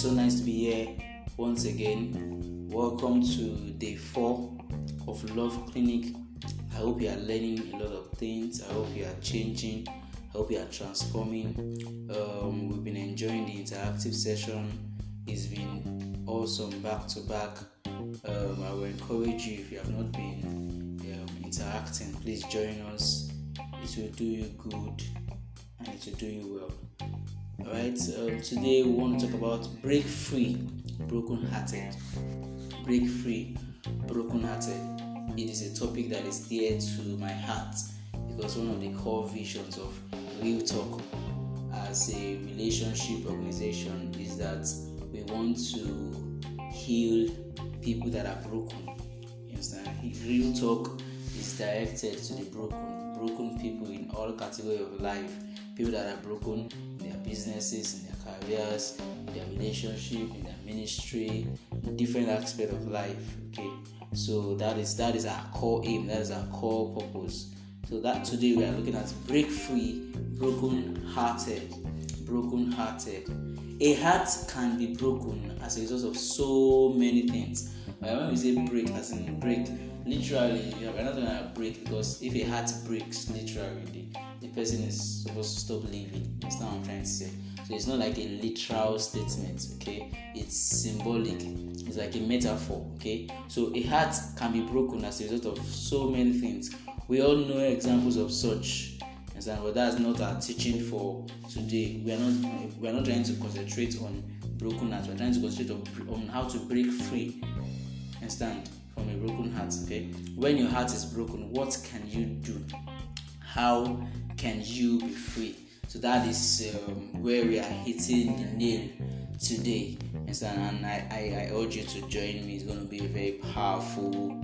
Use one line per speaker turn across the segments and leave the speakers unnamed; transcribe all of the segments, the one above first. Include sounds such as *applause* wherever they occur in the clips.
so nice to be here once again. Welcome to day four of Love Clinic. I hope you are learning a lot of things. I hope you are changing. I hope you are transforming. Um, we've been enjoying the interactive session. It's been awesome back to back. Um, I will encourage you if you have not been um, interacting, please join us. It will do you good and it will do you well. All right, so um, today we want to talk about break free, broken hearted. Break free, broken hearted. It is a topic that is dear to my heart because one of the core visions of Real Talk as a relationship organization is that we want to heal people that are broken. You understand? Real Talk is directed to the broken, broken people in all categories of life. People that are broken their businesses, in their careers, in their relationship, in their ministry, different aspect of life. Okay, so that is that is our core aim. That is our core purpose. So that today we are looking at break free, broken hearted, broken hearted. A heart can be broken as a result of so many things. But when we say break, as in break, literally you are not gonna break because if a heart breaks literally the, the person is supposed to stop living that's not what i'm trying to say so it's not like a literal statement okay it's symbolic it's like a metaphor okay so a heart can be broken as a result of so many things we all know examples of such And but that's not our teaching for today we are not we are not trying to concentrate on broken hearts we're trying to concentrate on, on how to break free understand from a broken heart. Okay, when your heart is broken, what can you do? How can you be free? So that is um, where we are hitting the nail today. And I, I, I urge you to join me. It's going to be a very powerful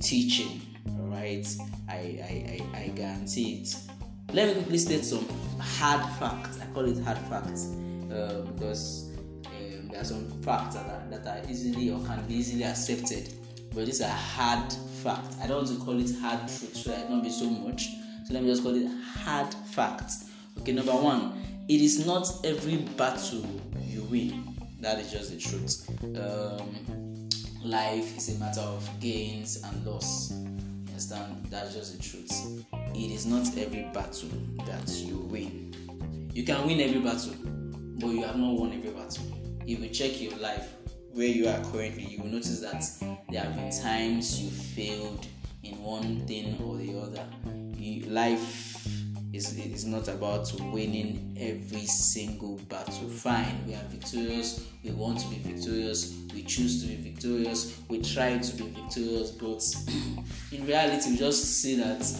teaching. All right, I, I, I, I guarantee it. Let me quickly state some hard facts. I call it hard facts uh, because um, there are some facts that are, that are easily or can be easily accepted but these are hard facts. I don't want to call it hard truth so I don't be so much. So let me just call it hard facts. Okay, number one, it is not every battle you win. That is just the truth. Um, life is a matter of gains and loss. You understand? That's just the truth. It is not every battle that you win. You can win every battle, but you have not won every battle. If you check your life, where you are currently, you will notice that there have been times you failed in one thing or the other. You, life is, is not about winning every single battle. Fine, we are victorious, we want to be victorious, we choose to be victorious, we try to be victorious, but *clears throat* in reality, we just see that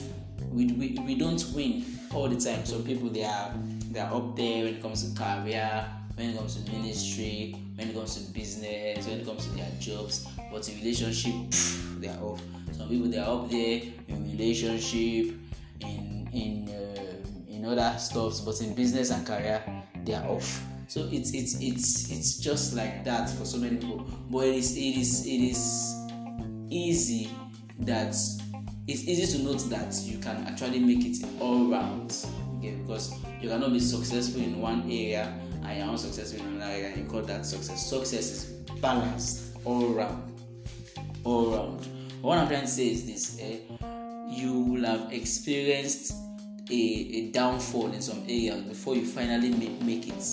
we, we, we don't win all the time. So people they are they are up there when it comes to career when it comes to ministry, when it comes to business, when it comes to their jobs, but in relationship, pff, they are off. Some people they are up there in relationship, in in uh, in other stuffs, but in business and career, they are off. So it's it's it's it's just like that for so many people. But it is it is it is easy that it's easy to note that you can actually make it all round okay? because you cannot be successful in one area I am successful in another area, you call that success. Success is balanced all round. All round. What I'm trying to say is this eh? you will have experienced a, a downfall in some areas before you finally make, make it.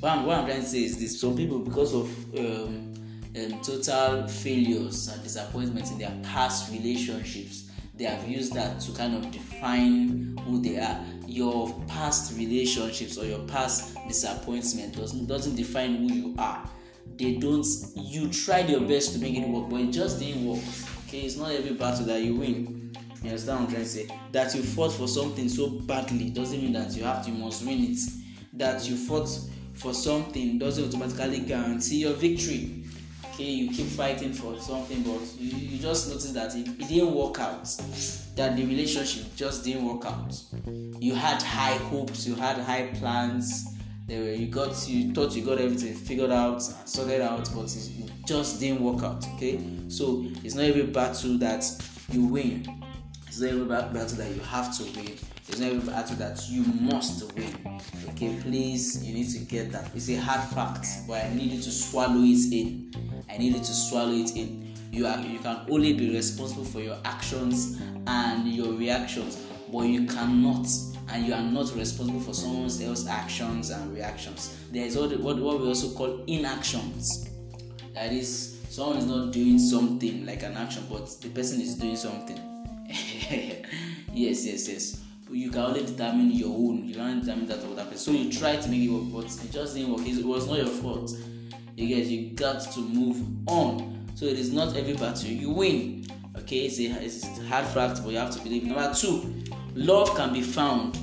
What I'm, what I'm trying to say is this some people, because of um, um, total failures and disappointments in their past relationships, they have used that to kind of define who they are. Your past relationships or your past disappointment doesn't doesn't define who you are. They don't. You tried your best to make it work, but it just didn't work. Okay, it's not every battle that you win. You understand what I'm trying to say? That you fought for something so badly doesn't mean that you have to. You must win it. That you fought for something doesn't automatically guarantee your victory okay you keep fighting for something but you, you just notice that it, it didn't work out that the relationship just didn't work out you had high hopes you had high plans there were you got you thought you got everything figured out and sorted out but it just didn't work out okay so it's not every battle that you win it's not every battle that you have to win There's no even add that. You must win. Okay, please, you need to get that. It's a hard fact, but I need you to swallow it in. I need you to swallow it in. You are you can only be responsible for your actions and your reactions, but you cannot and you are not responsible for someone else's actions and reactions. There is what, what we also call inactions. That is, someone is not doing something like an action, but the person is doing something. *laughs* yes, yes, yes. you can only determine your own. You can only determine that of that person. So you try to make it work, but it just didn't work. It was not your fault. You guys, you got to move on. So it is not every battle you win. Okay, it's a, it's a hard fact, but you have to believe. Number two, love can be found.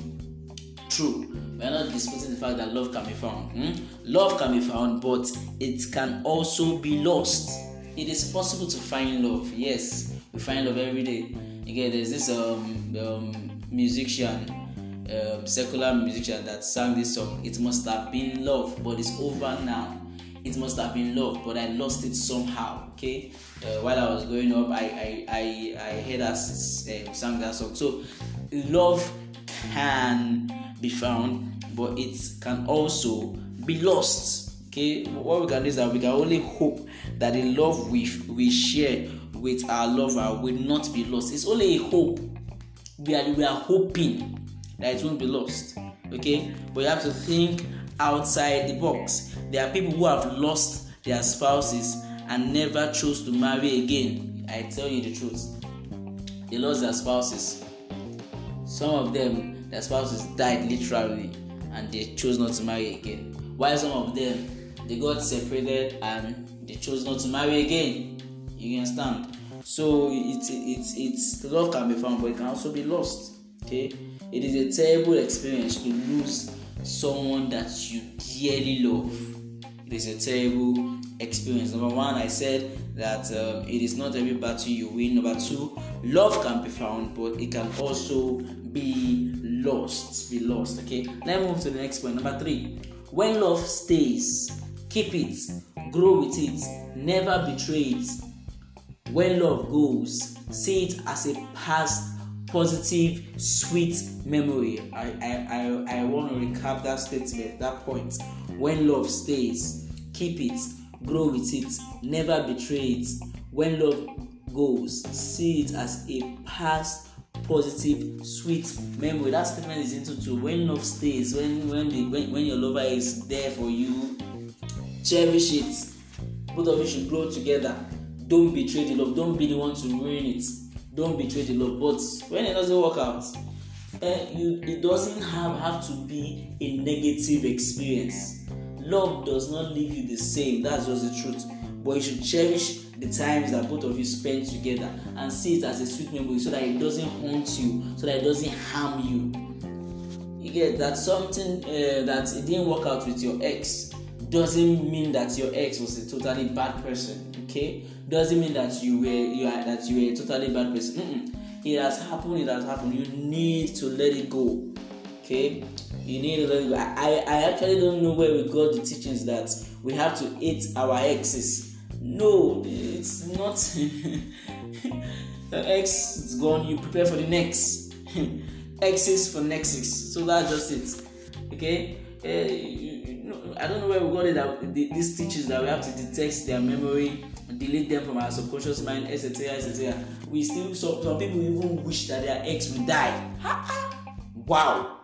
True. We are not disputing the fact that love can be found. Hmm? Love can be found, but it can also be lost. It is possible to find love. Yes, we find love every day. Again, there's this um, um musician, um, secular musician that sang this song. It must have been love, but it's over now. It must have been love, but I lost it somehow. Okay, uh, while I was growing up, I I I, I heard us uh, um, sang that song. So, love can be found, but it can also be lost. Okay, what we can do is that we can only hope that the love we we share with our lover will not be lost. It's only a hope we are we are hoping that it won't be lost okay but you have to think outside the box there are people who have lost their spouses and never chose to marry again i tell you the truth they lost their spouses some of them their spouses died literally and they chose not to marry again while some of them they got separated and they chose not to marry again you understand So it's it's it's love can be found, but it can also be lost. Okay, it is a terrible experience to lose someone that you dearly love. It is a terrible experience. Number one, I said that um, it is not every battle you win. Number two, love can be found, but it can also be lost. Be lost. Okay, Let me move to the next point. Number three, when love stays, keep it, grow with it, never betray it When love goes, see it as a past positive, sweet memory. I, I, I, I want to recap that statement, that point. When love stays, keep it, grow with it, never betray it. When love goes, see it as a past positive, sweet memory. That statement is into two. When love stays, when when, the, when when your lover is there for you, cherish it. Both of you should grow together don't betray the love don't be the one to ruin it don't betray the love but when it doesn't work out eh, you, it doesn't have, have to be a negative experience love does not leave you the same that's just the truth but you should cherish the times that both of you spend together and see it as a sweet memory so that it doesn't haunt you so that it doesn't harm you you get that something uh, that it didn't work out with your ex doesn't mean that your ex was a totally bad person okay doesn't mean that you were you are that you were a totally bad person Mm-mm. it has happened it has happened you need to let it go okay you need to let it go I, I actually don't know where we got the teachings that we have to hate our exes no it's not *laughs* the ex is gone you prepare for the next *laughs* exes for nexus so that's just it okay uh, you, you know, I don't know where we got it that these teachers that we have to detect their memory delete them from our subconscious mind etc etc we still some, some people even wish that their ex will die wow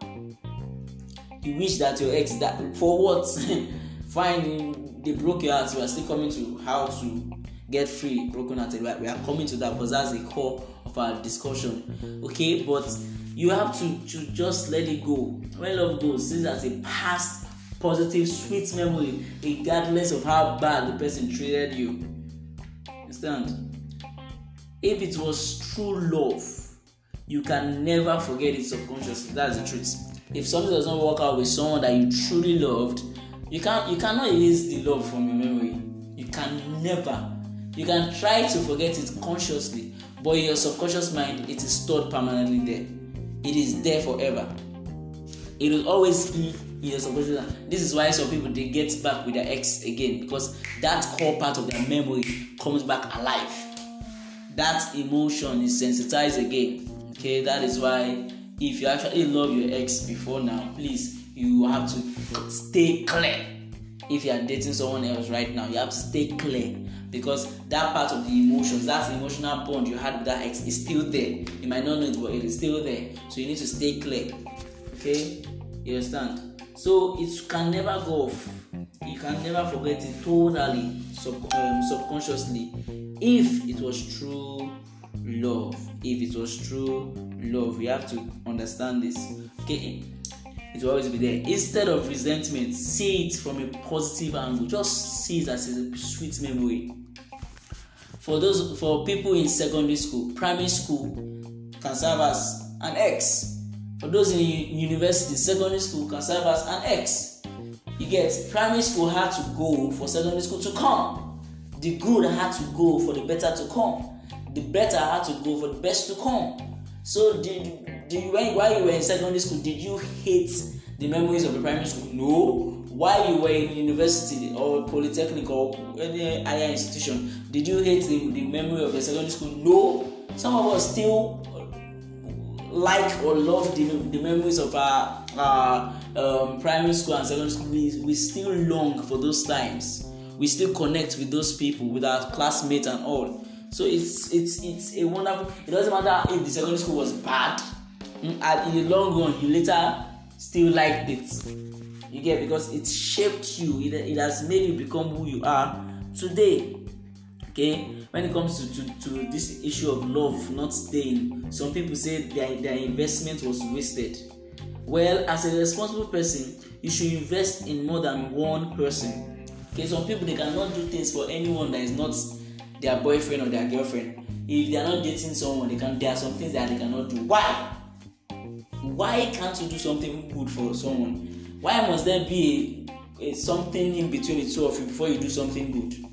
you wish that your ex die for what *laughs* fine they broke your heart you are still coming to how to get free broken hearted right we are coming to that because that's the core of our discussion okay but you have to to just let it go when love goes see it as a past positive sweet memory regardless of how bad the person treated you understand. If it was true love, you can never forget it subconsciously. That's the truth. If something does not work out with someone that you truly loved, you can you cannot erase the love from your memory. You can never. You can try to forget it consciously, but in your subconscious mind, it is stored permanently there. It is there forever. It will always your subconscious This is why some people they get back with their ex again because that core part of their memory comes back alive. That emotion is sensitized again. Okay, that is why if you actually love your ex before now, please you have to stay clear. If you are dating someone else right now, you have to stay clear because that part of the emotions, that emotional bond you had with that ex is still there. You might not know it, but it is still there. So you need to stay clear. Okay? You understand? So it can never go off. You can never forget it totally, sub- um, subconsciously, if it was true love. If it was true love, we have to understand this. Okay, it will always be there. Instead of resentment, see it from a positive angle. Just see it as a sweet memory. For those for people in secondary school, primary school can serve as an ex for those in university secondary school can serve as an x you get primary school had to go for secondary school to come the good had to go for the better to come the better had to go for the best to come so did did when while you were in secondary school did you hate the memories of the primary school no while you were in university or polytechnic or any higher institution did you hate the, the memory of your secondary school no some of us still like or love the, the memories of our, our um, primary school and secondary school, we, we still long for those times. We still connect with those people, with our classmates and all. So it's it's it's a wonderful. It doesn't matter if the secondary school was bad. Mm, At, in the long run, you later still liked it. You get because it shaped you. It, it has made you become who you are today. Okay when it comes to, to, to this issue of love not staying, some people say their, their investment was wasted. Well, as a responsible person, you should invest in more than one person. Okay, some people they cannot do things for anyone that is not their boyfriend or their girlfriend. If they are not dating someone, they can there are some things that they cannot do. Why? Why can't you do something good for someone? Why must there be a, a something in between the two of you before you do something good?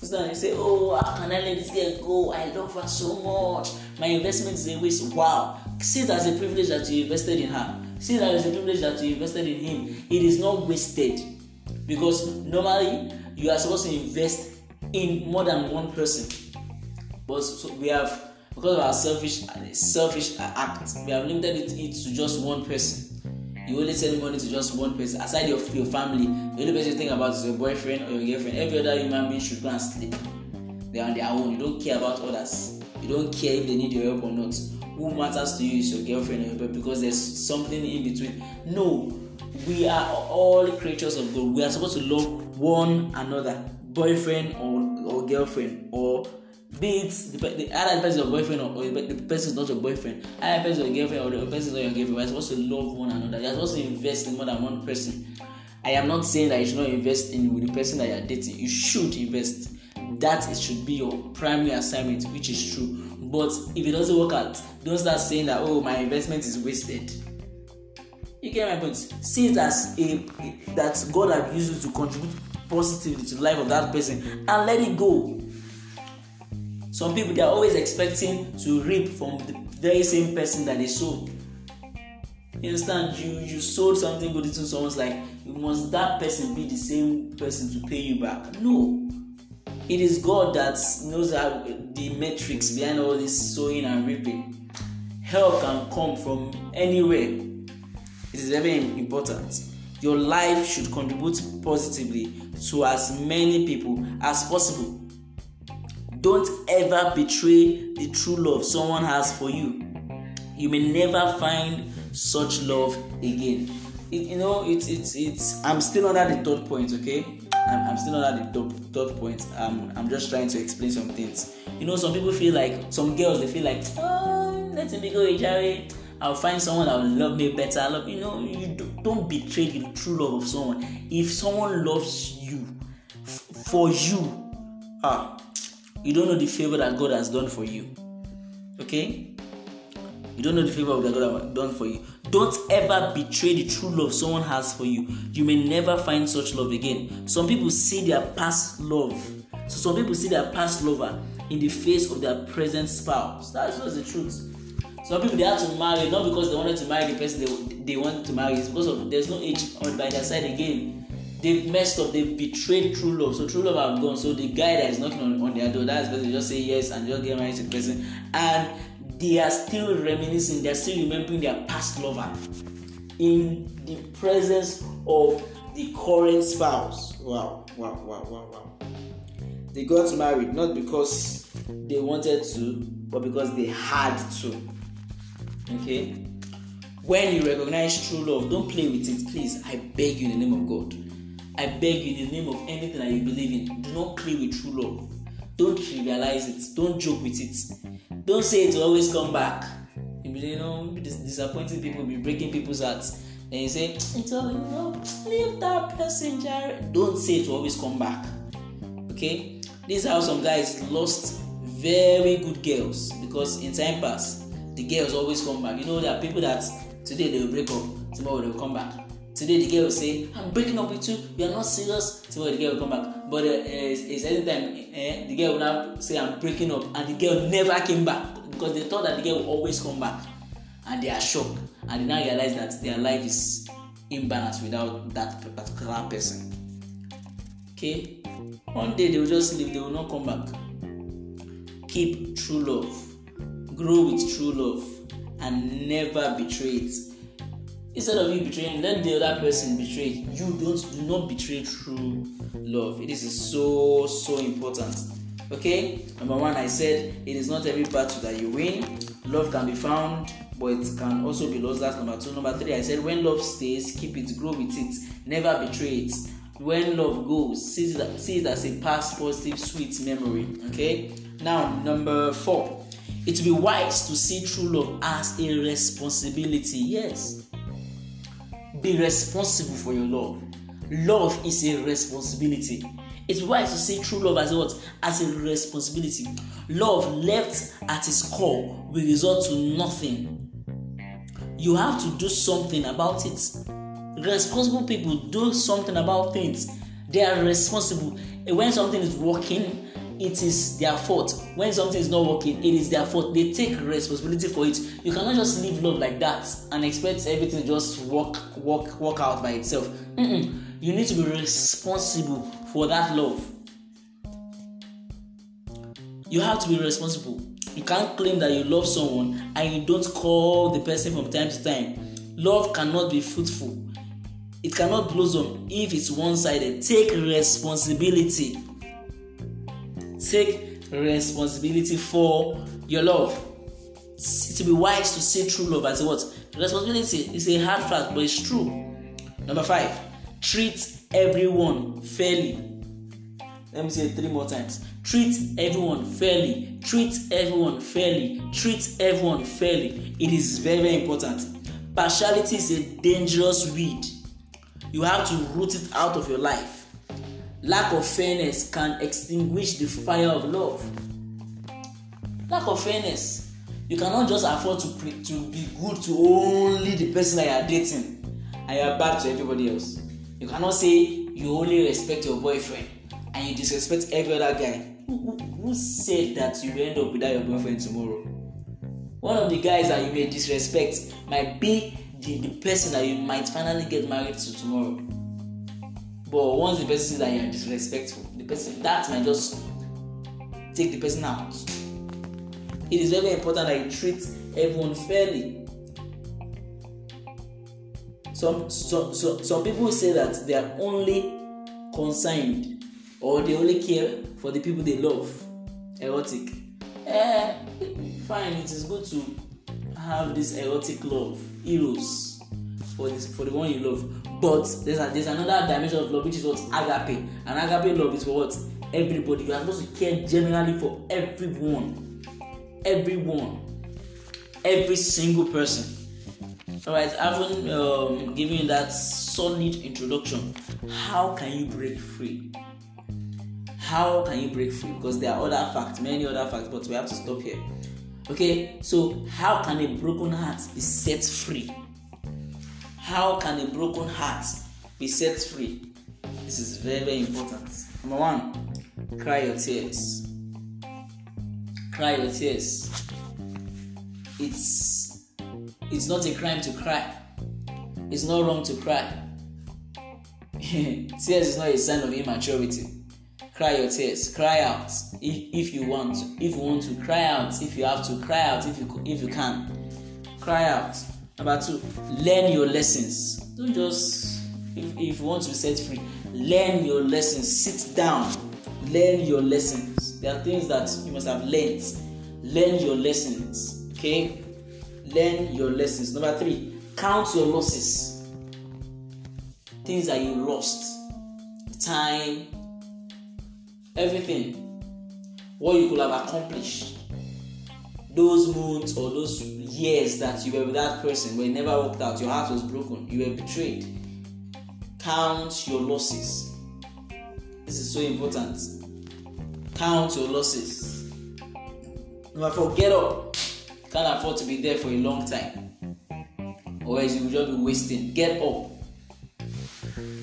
It's not like say, oh, how can I let this girl go? I love her so much. My investment is a waste. Wow. See it as a privilege that you invested in her. See that as a privilege that you invested in him. It is not wasted. Because normally you are supposed to invest in more than one person. But so we have because of our selfish selfish act, we have limited it to just one person you only send money to just one person aside your, your family the only person you think about is your boyfriend or your girlfriend every other human being should go and sleep they are on their own you don't care about others you don't care if they need your help or not who matters to you is your girlfriend or your boyfriend because there's something in between no we are all creatures of god we are supposed to love one another boyfriend or, or girlfriend or be it the, other person is your boyfriend or, or the person is not your boyfriend, either person is your girlfriend or the person is not your girlfriend, you are supposed to love one another. You are supposed to invest in more than one person. I am not saying that you should not invest in the person that you are dating. You should invest. That it should be your primary assignment, which is true. But if it doesn't work out, don't start saying that oh my investment is wasted. You get my point. See it as a that God have used you to contribute positively to the life of that person and let it go Some people they are always expecting to reap from the very same person that they sow. You understand? You you sold something good to someone's life. must that person be the same person to pay you back? No. It is God that knows how the metrics behind all this sowing and reaping. Help can come from anywhere. It is very important. Your life should contribute positively to as many people as possible. Don't ever betray the true love someone has for you. You may never find such love again. It, you know, it's it's it's. I'm still under the third point, okay? I'm, I'm still under the top third point. I'm I'm just trying to explain some things. You know, some people feel like some girls they feel like, oh, let me go, Jerry. I'll find someone that will love me better. I love you know, you don't betray the true love of someone. If someone loves you f- for you, ah, You don't know the favor that God has done for you. Okay? You don't know the favor that God has done for you. Don't ever betray the true love someone has for you. You may never find such love again. Some people see their past love. So some people see their past lover in the face of their present spouse. That's just the truth. Some people they had to marry not because they wanted to marry the person they, they wanted to marry, it's because of there's no age on by their side again. They've messed up They've betrayed true love so true love have gone so the guy that is knocking on, on their door that's person just say yes and just get married to the person and they are still reminiscing they are still remembering their past lover in the presence of the current spouse wow wow wow wow wow they got married not because they wanted to but because they had to okay when you recognize true love don't play with it please i beg you in the name of god I beg you, in the name of anything that you believe in, do not play with true love. Don't trivialize it. Don't joke with it. Don't say it will always come back. You know, disappointing people, be breaking people's hearts. Then you say, it's all, you know, leave that person, Jared. Don't say it will always come back. Okay? This is how some guys lost very good girls because in time past, the girls always come back. You know, there are people that today they will break up, tomorrow they will come back. Today the girl will say, I'm breaking up with you, You are not serious. Tomorrow the girl will come back. But uh, a certain time, eh, the girl will now say, I'm breaking up. And the girl never came back because they thought that the girl will always come back. And they are shocked. And they now realize that their life is imbalanced without that particular person. Okay? One day they will just leave, they will not come back. Keep true love, grow with true love, and never betray it instead of you betraying let the other person betray you don't do not betray true love it is so so important okay number one i said it is not every battle that you win love can be found but it can also be lost that's number two number three i said when love stays keep it grow with it never betray it when love goes see it, see it as a past positive sweet memory okay now number four it will be wise to see true love as a responsibility yes Be responsible for your love. Love is a responsibility. It's wise to say true love as what? As a responsibility. Love left at its core will result to nothing. You have to do something about it. Responsible people do something about things. They are responsible. When something is working, it is their fault when something is not working it is their fault they take responsibility for it you cannot just live love like that and expect everything to just work work work out by itself Mm-mm. you need to be responsible for that love you have to be responsible you can't claim that you love someone and you don't call the person from time to time love cannot be fruitful it cannot blossom if it's one-sided take responsibility Take responsibility for your love. It will be wise to see true love as a what? Responsibility is a hard fact, but it's true. Number five, treat everyone fairly. Let me say it three more times. Treat everyone fairly. Treat everyone fairly. Treat everyone fairly. It is very, very important. Partiality is a dangerous weed. You have to root it out of your life Lack of fairness can extinguish the fire of love. Lack of fairness. You cannot just afford to, pre- to be good to only the person that you are dating and you are bad to everybody else. You cannot say you only respect your boyfriend and you disrespect every other guy. Who, who, who said that you will end up without your boyfriend tomorrow? One of the guys that you may disrespect might be the, the person that you might finally get married to tomorrow. But once the person sees that you are disrespectful, the person that might just take the person out. It is very important that you treat everyone fairly. Some some some some people say that they are only concerned or they only care for the people they love. Erotic. Eh, fine, it is good to have this erotic love, eros for this for the one you love but there's a there's another dimension of love which is what agape and agape love is for what everybody you are supposed to care generally for everyone everyone every single person All right. having um, given you that solid introduction how can you break free how can you break free because there are other facts many other facts but we have to stop here okay so how can a broken heart be set free How can a broken heart be set free? This is very, very important. Number one, cry your tears. Cry your tears. It's it's not a crime to cry. It's not wrong to cry. *laughs* tears is not a sign of immaturity cry your tears cry out if, if you want if you want to cry out if you have to cry out if you if you can cry out Number two, learn your lessons. Don't just, if, if you want to be set free, learn your lessons. Sit down, learn your lessons. There are things that you must have learnt. Learn your lessons. Okay? Learn your lessons. Number three, count your losses. Things that you lost, time, everything, what you could have accomplished, those moons or those years that you were with that person where it never worked out, your heart was broken, you were betrayed. Count your losses. This is so important. Count your losses. Number four, get up. Can't afford to be there for a long time, or else you will just be wasting. Get up.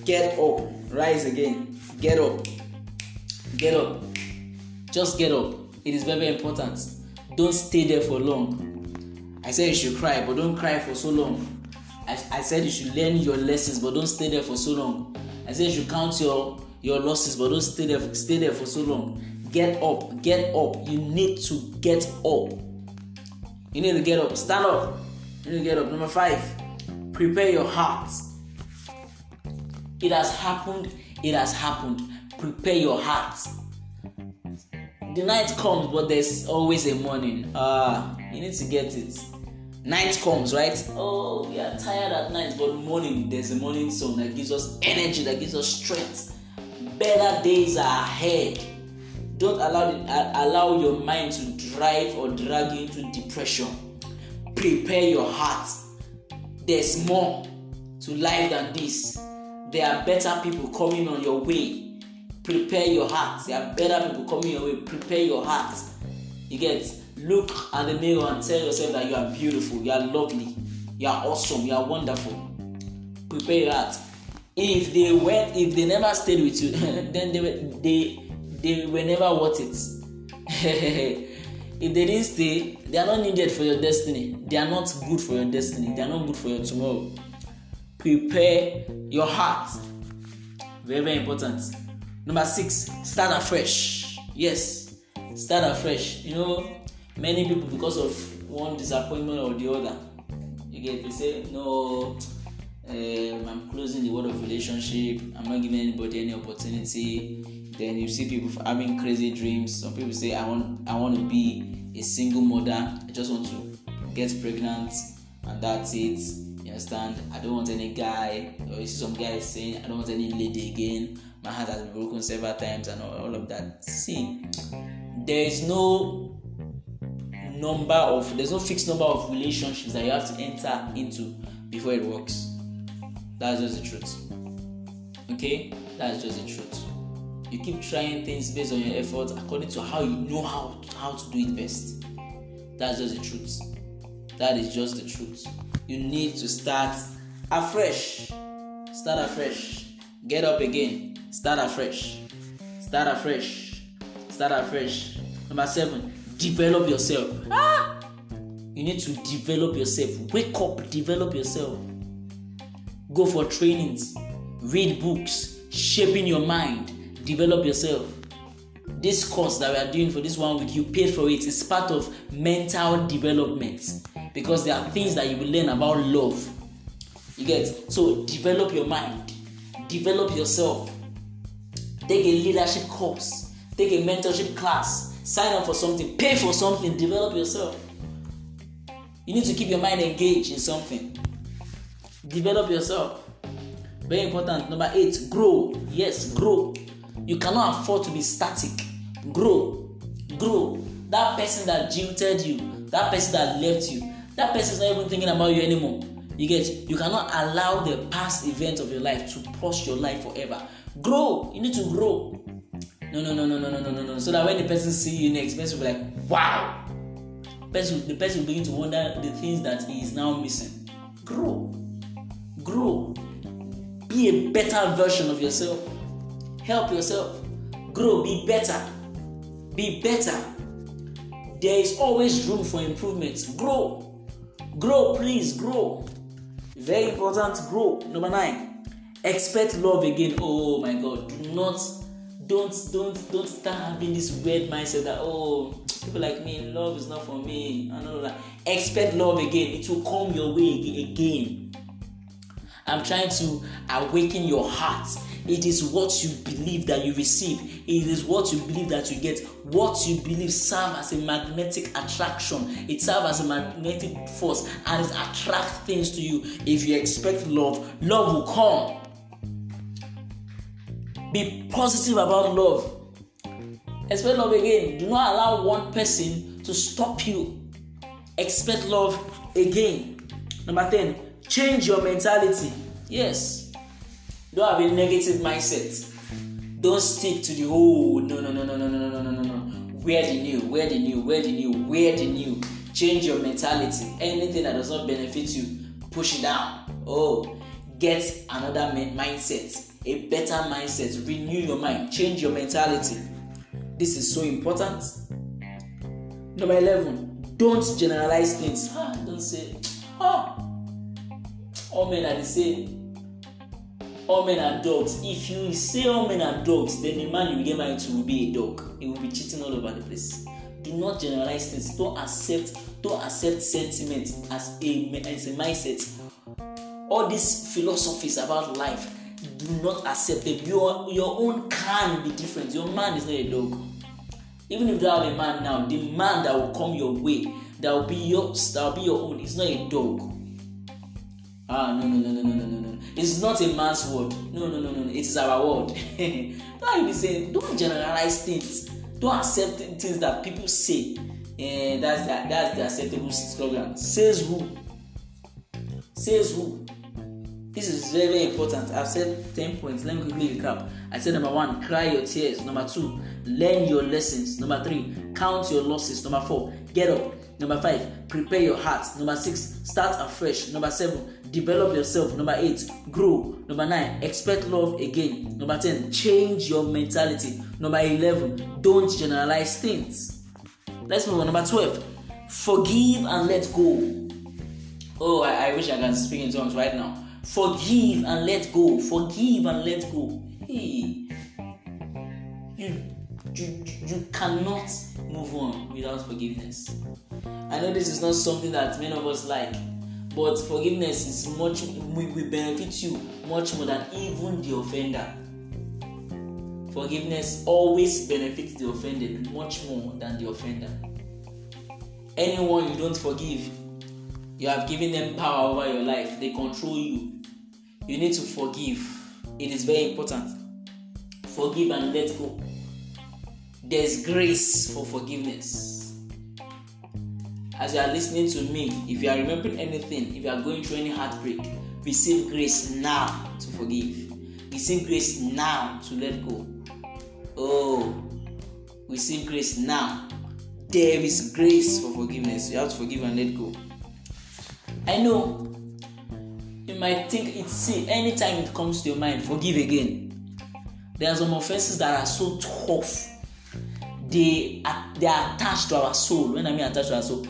Get up. Rise again. Get up. Get up. Just get up. It is very, very important. Don't stay there for long I said you should cry, but don't cry for so long. I, I said you should learn your lessons, but don't stay there for so long. I said you should count your your losses, but don't stay there stay there for so long. Get up, get up. You need to get up. You need to get up. Stand up. You need to get up. Number five, prepare your heart. It has happened. It has happened. Prepare your heart. The night comes, but there's always a morning. Ah, uh, you need to get it night comes, right? Oh, we are tired at night, but morning, there's a morning sun that gives us energy, that gives us strength. Better days are ahead. Don't allow the, uh, allow your mind to drive or drag you into depression. Prepare your heart. There's more to life than this. There are better people coming on your way. Prepare your heart. There are better people coming your way. Prepare your heart. You get Look at the mirror and tell yourself that you are beautiful, you are lovely, you are awesome, you are wonderful. Prepare your heart. If they went, if they never stayed with you, *laughs* then they were, they they were never worth it. *laughs* if they didn't stay they are not needed for your destiny they are not good for your destiny they are not good for your tomorrow prepare your heart very very important number six start afresh yes start afresh you know many people because of one disappointment or the other you get to say no um, i'm closing the world of relationship i'm not giving anybody any opportunity then you see people having crazy dreams some people say i want i want to be a single mother i just want to get pregnant and that's it you understand i don't want any guy or you see some guys saying i don't want any lady again my heart has been broken several times and all, all of that see there is no number of there's no fixed number of relationships that you have to enter into before it works that's just the truth okay that's just the truth you keep trying things based on your efforts according to how you know how to, how to do it best that's just the truth that is just the truth you need to start afresh start afresh get up again start afresh start afresh start afresh number seven develop yourself you need to develop yourself wake up develop yourself go for trainings read books shaping your mind develop yourself this course that we are doing for this one week you paid for it it's part of mental development because there are things that you will learn about love you get so develop your mind develop yourself take a leadership course take a mentorship class sign up for something, pay for something, develop yourself. You need to keep your mind engaged in something. Develop yourself. Very important. Number eight, grow. Yes, grow. You cannot afford to be static. Grow. Grow. That person that jilted you, that person that left you, that person is not even thinking about you anymore. You get you cannot allow the past events of your life to crush your life forever. Grow. You need to grow. No, no, no, no, no, no, no, no, no. So that when the person see you next, person will be like, wow. Person, the person will begin to wonder the things that he is now missing. Grow, grow. Be a better version of yourself. Help yourself. Grow. Be better. Be better. There is always room for improvement. Grow, grow, please grow. Very important. Grow. Number nine. Expect love again. Oh my God. Do not don't don't don't start having this weird mindset that oh people like me love is not for me and all that expect love again it will come your way again i'm trying to awaken your heart it is what you believe that you receive it is what you believe that you get what you believe serve as a magnetic attraction it serve as a magnetic force and it attract things to you if you expect love love will come Be positive about love. Expect love again. Do not allow one person to stop you. Expect love again. Number 10, change your mentality. Yes. Don't have a negative mindset. Don't stick to the old. no no no no no no no no no no. Wear the new, wear the new, wear the new, wear the new. Change your mentality. Anything that does not benefit you, push it down. Oh, get another mindset a better mindset. Renew your mind, change your mentality. This is so important. Number eleven, don't generalize things. Ah, don't say, ah, all men are the same. All men are dogs. If you say all men are dogs, then the man you get married to will be a dog. He will be cheating all over the place. Do not generalize things. Don't accept, don't accept sentiments as a, as a mindset. All these philosophies about life do not accept babe your your own can be different your man is not a dog even if you have a man now the man that will come your way that will be yours that will be your own is not a dog ah no no no no no no no no it's not a man's word no no no no no! it is our word don't *laughs* be saying don't generalize things don't accept things that people say eh that's that that's the acceptable slogan says who says who This is very, important. I said ten points. Let me quickly recap. I said number one, cry your tears. Number two, learn your lessons. Number three, count your losses. Number four, get up. Number five, prepare your heart. Number six, start afresh. Number seven, develop yourself. Number eight, grow. Number nine, expect love again. Number ten, change your mentality. Number eleven, don't generalize things. Let's move on. Number twelve, forgive and let go. Oh, I, I wish I can speak in tongues right now. Forgive and let go. Forgive and let go. Hey, you, you, you cannot move on without forgiveness. I know this is not something that many of us like, but forgiveness is much We will benefit you much more than even the offender. Forgiveness always benefits the offended much more than the offender. Anyone you don't forgive You have given them power over your life, they control you. You need to forgive. It is very important. Forgive and let go. There's grace for forgiveness. As you are listening to me, if you are remembering anything, if you are going through any heartbreak, receive grace now to forgive. Receive grace now to let go. Oh, receive grace now. There is grace for forgiveness. You have to forgive and let go. I know you might think it's sin anytime it comes to your mind, forgive again. There are some offenses that are so tough. They are, they are attached to our soul. When I mean attached to our soul,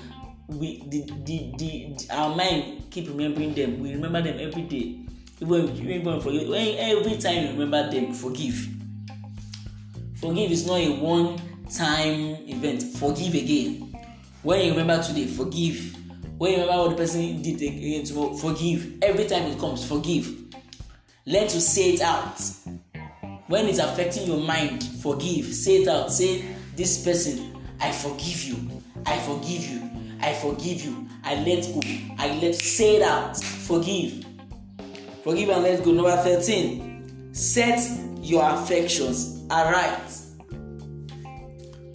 we the, the, the, the our mind keep remembering them. We remember them every day. Even even forgive. When every time you remember them, forgive. Forgive is not a one time event. Forgive again. When you remember today, forgive When you remember what the person did again to forgive. Every time it comes, forgive. Learn to say it out. When it's affecting your mind, forgive. Say it out. Say, this person, I forgive you. I forgive you. I forgive you. I let go. I let say it out. Forgive. Forgive and let go. Number thirteen. Set your affections aright.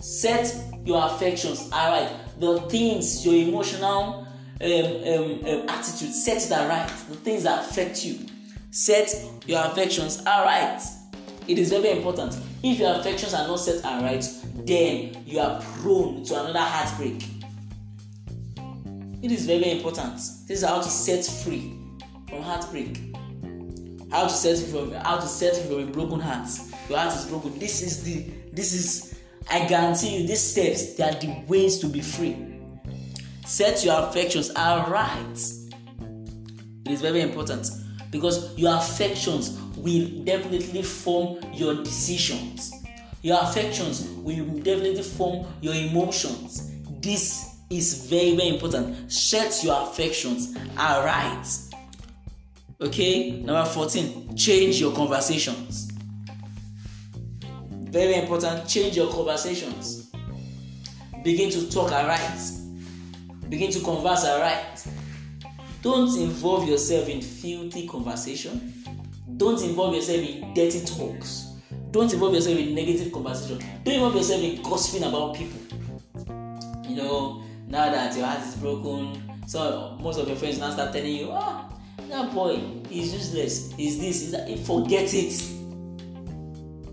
Set your affections aright. The things, your emotional Um, um, um, attitude, set it right. The things that affect you, set your affections right. It is very, important. If your affections are not set right, then you are prone to another heartbreak. It is very, important. This is how to set free from heartbreak. How to set from how to set from a broken heart. Your heart is broken. This is the this is I guarantee you these steps they are the ways to be free set your affections aright. It is very important because your affections will definitely form your decisions. Your affections will definitely form your emotions. This is very, very important. Set your affections aright. Okay, number 14, change your conversations. Very important, change your conversations. Begin to talk aright Begin to converse aright. Don't involve yourself in filthy conversation. Don't involve yourself in dirty talks. Don't involve yourself in negative conversation. Don't involve yourself in gossiping about people. You know, now that your heart is broken, so most of your friends now start telling you, ah, that boy is useless, is this, is that. Forget it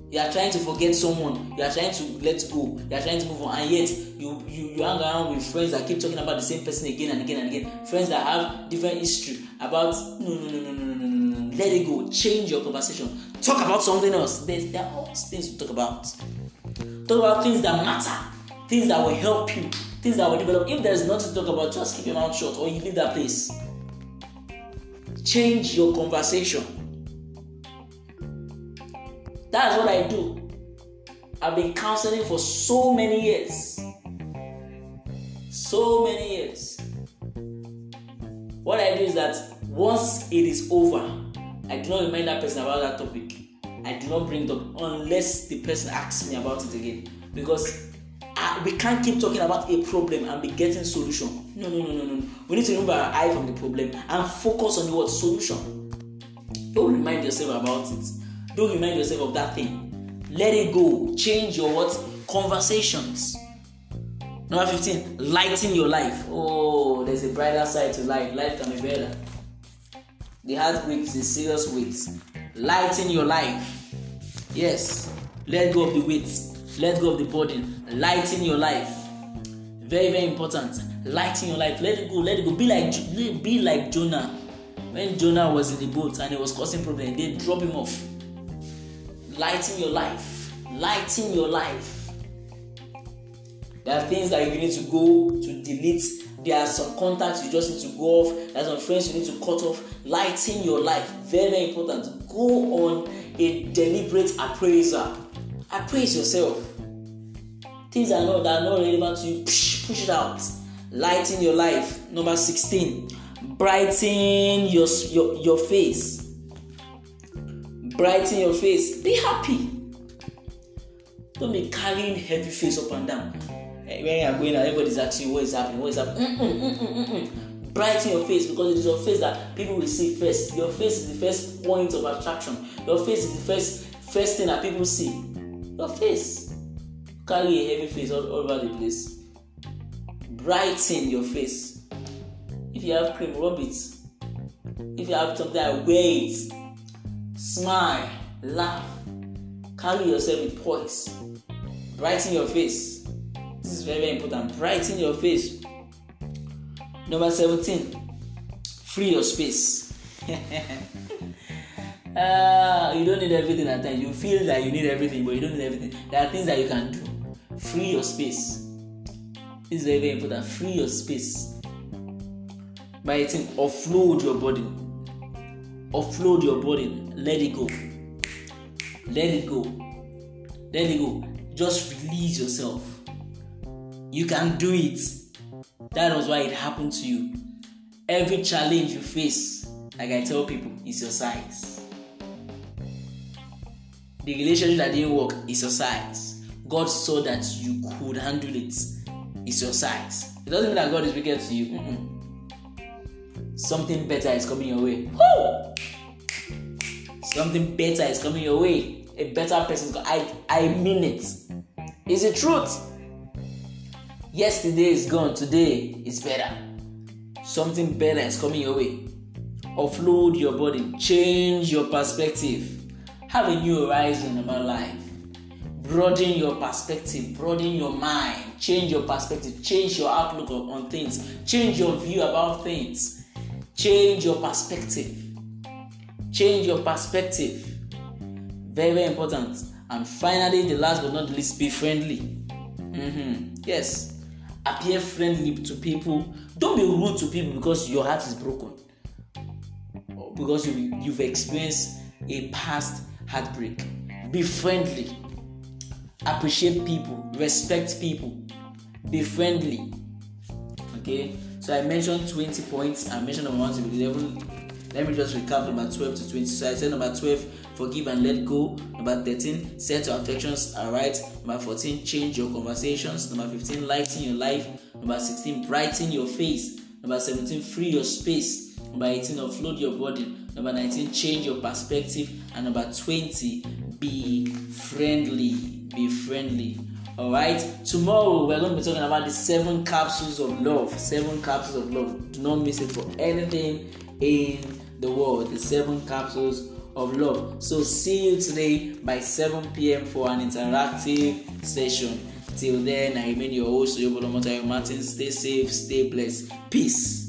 you are trying to forget someone you are trying to let go you are trying to move on and yet you you you hang around with friends that keep talking about the same person again and again and again friends that have different history about no no no no no no no no let it go change your conversation talk about something else there's there are always things to talk about talk about things that matter things that will help you things that will develop if there is nothing to talk about just keep your mouth shut or you leave that place change your conversation That's what I do. I've been counseling for so many years. So many years. What I do is that once it is over, I do not remind that person about that topic. I do not bring it up unless the person asks me about it again. Because I, we can't keep talking about a problem and be getting solution. No, no, no, no, no. We need to remove our eye from the problem and focus on the word solution. Don't remind yourself about it Don't remind yourself of that thing. Let it go. Change your what? Conversations. Number 15, lighten your life. Oh, there's a brighter side to life. Life can be better. The heartbreak is a serious weight. Lighten your life. Yes. Let go of the weight. Let go of the burden. Lighten your life. Very, very important. Lighten your life. Let it go. Let it go. Be like be like Jonah. When Jonah was in the boat and it was causing problems, they drop him off. Lighting your life lighting your life there are things that you need to go to delete there are some contacts you just need to go off there are some friends you need to cut off Lighting your life very very important go on a deliberate appraiser. appraise yourself things that are not that are not relevant to you push, push it out Lighting your life number sixteen brighten your your your face brighten your face be happy don't be carrying heavy face up and down eh, when you are going out is asking you what is happening what is happening mm-mm, mm-mm, mm-mm. brighten your face because it is your face that people will see first your face is the first point of attraction your face is the first first thing that people see your face carry a heavy face all, all over the place brighten your face if you have cream rub it if you have something i wear it smile, laugh, carry yourself with poise, brighten your face. This is very, very important. Brighten your face. Number 17, free your space. uh, *laughs* you don't need everything at times. You feel that you need everything, but you don't need everything. There are things that you can do. Free your space. This is very, very important. Free your space. By eating, offload your body. Offload your body let it go. Let it go. Let it go. Just release yourself. You can do it. That was why it happened to you. Every challenge you face, like I tell people, is your size. The relationship that didn't work is your size. God saw that you could handle it. Is your size. It doesn't mean that God is wicked to you. Mm-mm. Something better is coming your way. Woo! Something better is coming your way. A better person. I, I mean it. It's the truth. Yesterday is gone. Today is better. Something better is coming your way. Offload your body. Change your perspective. Have a new horizon about life. Broaden your perspective. Broaden your mind. Change your perspective. Change your outlook on things. Change your view about things. Change your perspective Change your perspective. Very, very important. And finally, the last but not least, be friendly. Mm-hmm. Yes. Appear friendly to people. Don't be rude to people because your heart is broken. Or because you, you've experienced a past heartbreak. Be friendly. Appreciate people. Respect people. Be friendly. Okay? So I mentioned twenty points. I mentioned the ones eleven. Let me just recap number twelve to twenty. So I said number twelve, forgive and let go. Number thirteen, set your affections aright. Number fourteen, change your conversations. Number fifteen, light in your life. Number 16, brighten your face. Number seventeen, free your space. Number eighteen, offload your body. Number nineteen, change your perspective. And number twenty, be friendly. Be friendly. All right. Tomorrow we're going to be talking about the seven capsules of love. Seven capsules of love. Do not miss it for anything in the world, the seven capsules of love. So see you today by 7 p.m. for an interactive session. Till then, I remain your host, Yobolo Martin. Stay safe, stay blessed. Peace.